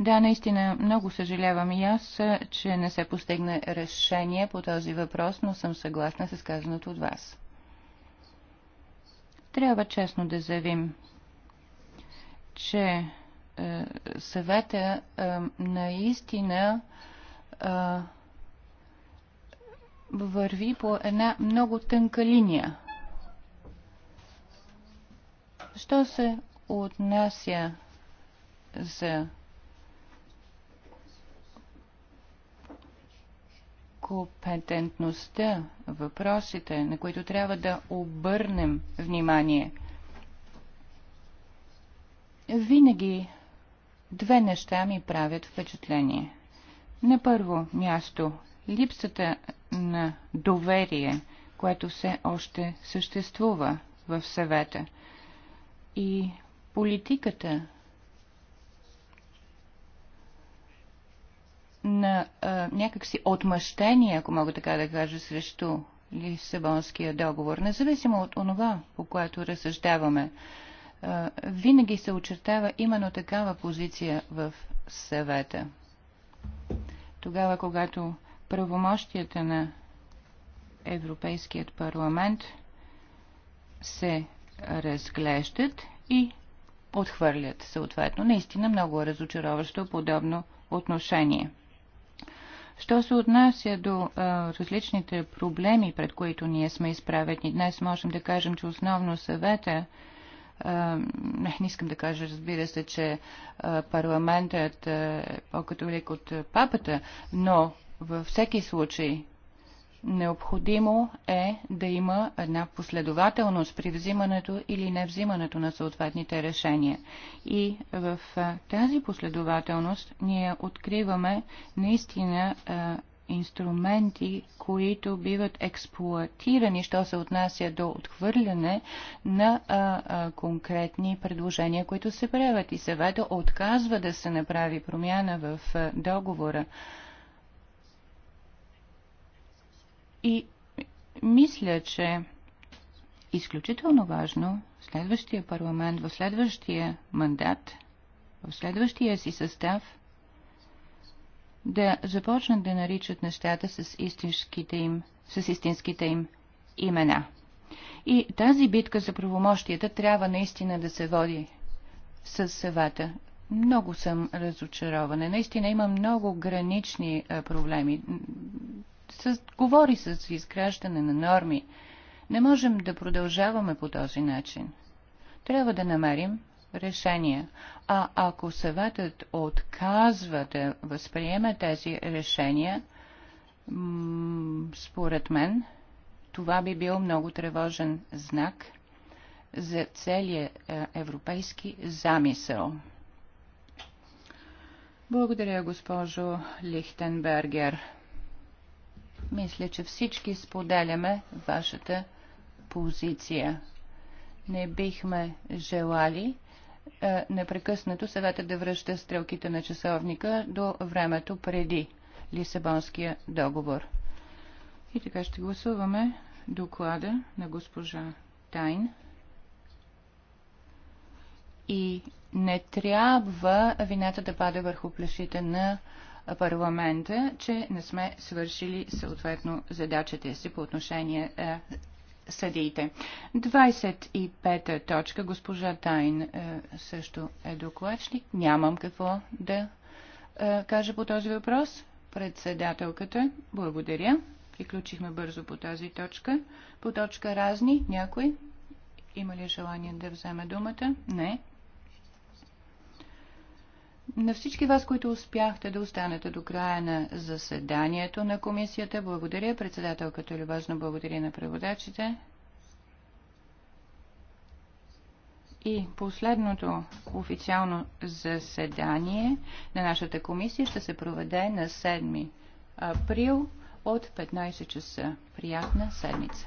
Да, наистина много съжалявам и аз, че не се постигне решение по този въпрос, но съм съгласна с казаното от вас. Трябва честно да заявим, че е, съвета е, наистина е, върви по една много тънка линия. Що се отнася за компетентността, въпросите, на които трябва да обърнем внимание. Винаги две неща ми правят впечатление. На първо място липсата на доверие, което все още съществува в съвета и политиката на а, някакси отмъщение, ако мога така да кажа, срещу Лисабонския договор, независимо от онова, по което разсъждаваме, а, винаги се очертава именно такава позиция в съвета. Тогава, когато правомощията на Европейският парламент се разглеждат и отхвърлят съответно. Наистина много разочароващо подобно отношение. Що се отнася до а, различните проблеми, пред които ние сме изправени днес, можем да кажем, че основно съвета не, не искам да кажа, разбира се, че парламентът е по-католик от папата, но във всеки случай Необходимо е да има една последователност при взимането или не взимането на съответните решения. И в тази последователност ние откриваме наистина инструменти, които биват експлуатирани, що се отнася до отхвърляне на а, а, конкретни предложения, които се правят. И съвета отказва да се направи промяна в а, договора. И мисля, че изключително важно следващия парламент, в следващия мандат, в следващия си състав да започнат да наричат нещата с истинските им, с истинските им имена. И тази битка за правомощията трябва наистина да се води с съвата. Много съм разочарована. Наистина има много гранични проблеми с, говори с изграждане на норми. Не можем да продължаваме по този начин. Трябва да намерим решения. А ако съветът отказва да възприеме тези решения, според мен, това би бил много тревожен знак за целия е, европейски замисъл. Благодаря, госпожо Лихтенбергер. Мисля, че всички споделяме вашата позиция. Не бихме желали е, непрекъснато съвета да връща стрелките на часовника до времето преди Лисабонския договор. И така ще гласуваме доклада на госпожа Тайн. И не трябва вината да пада върху плешите на парламента, че не сме свършили съответно задачата си по отношение е, съдиите. 25-та точка. Госпожа Тайн е, също е докладчик. Нямам какво да е, кажа по този въпрос. Председателката, благодаря. Приключихме бързо по тази точка. По точка разни, някой? Има ли желание да вземе думата? Не. На всички вас, които успяхте да останете до края на заседанието на комисията, благодаря. Председателката любезно благодаря на преводачите. И последното официално заседание на нашата комисия ще се проведе на 7 април от 15 часа. Приятна седмица!